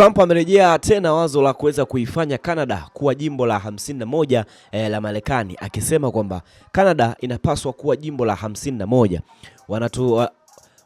Trump amerejea tena wazo la kuweza kuifanya Canada kuwa jimbo la 51 eh, la Marekani akisema kwamba Canada inapaswa kuwa jimbo la 51. Wanatu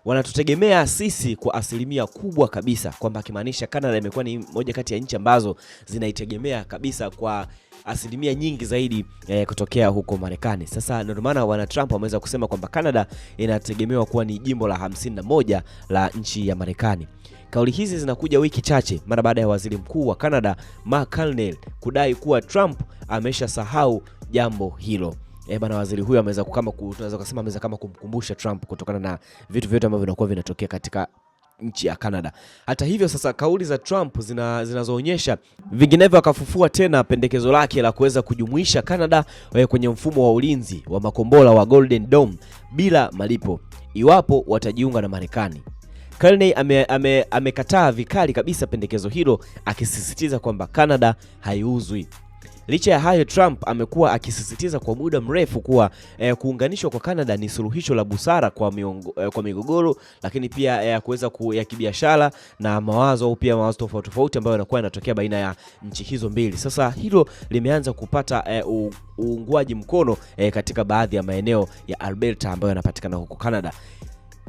wanatutegemea sisi kwa asilimia kubwa kabisa, kwamba akimaanisha Canada imekuwa ni moja kati ya nchi ambazo zinaitegemea kabisa kwa asilimia nyingi zaidi eh, kutokea huko Marekani. Sasa ndio maana wana Trump wameweza kusema kwamba Canada inategemewa kuwa ni jimbo la 51 la nchi ya Marekani. Kauli hizi zinakuja wiki chache mara baada ya waziri mkuu wa Canada Mark Carney kudai kuwa Trump ameshasahau jambo hilo. E bana, waziri huyo ameweza kama tunaweza kusema ameweza kama kumkumbusha Trump kutokana na vitu vyote ambavyo vinakuwa vinatokea katika nchi ya Canada. Hata hivyo sasa, kauli za Trump zina, zinazoonyesha vinginevyo, akafufua tena pendekezo lake la kuweza kujumuisha Canada eh, kwenye mfumo wa ulinzi wa makombora wa Golden Dome bila malipo iwapo watajiunga na Marekani. Carney amekataa ame, ame vikali kabisa pendekezo hilo akisisitiza kwamba Canada haiuzwi. Licha ya hayo, Trump amekuwa akisisitiza kwa muda mrefu kuwa eh, kuunganishwa kwa Canada ni suluhisho la busara kwa, miongo, eh, kwa migogoro lakini pia eh, kuweza ku, ya kibiashara na mawazo au pia mawazo tofauti tofauti ambayo yanakuwa yanatokea baina ya nchi hizo mbili. Sasa hilo limeanza kupata eh, uungwaji mkono eh, katika baadhi ya maeneo ya Alberta ambayo yanapatikana huko Canada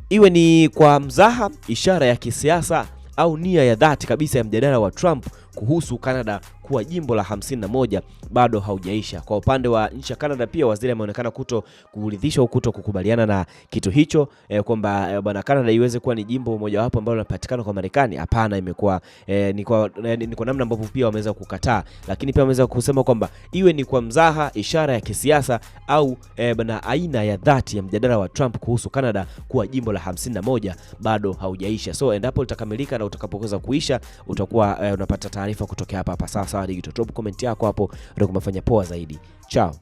iwe ni kwa mzaha, ishara ya kisiasa au nia ya dhati kabisa ya mjadala wa Trump kuhusu Canada kuwa jimbo la 51 bado haujaisha. Kwa upande wa nchi ya Canada pia waziri ameonekana kuto kuridhishwa au kuto kukubaliana na kitu hicho eh, kwamba eh, bwana Canada iweze kuwa ni jimbo mojawapo ambalo linapatikana kwa Marekani. Hapana, imekuwa eh, ni kwa eh, ni kwa namna ambavyo pia wameweza kukataa, lakini pia wameweza kusema kwamba iwe ni kwa mzaha, ishara ya kisiasa au eh, bwana aina ya dhati ya mjadala wa Trump kuhusu Canada kuwa jimbo la 51 bado haujaisha. So endapo litakamilika na utakapoweza kuisha utakuwa eh, unapata taarifa kutokea hapa hapa sasa sawa digital. Drop comment yako hapo ndio kumefanya poa zaidi. Chao.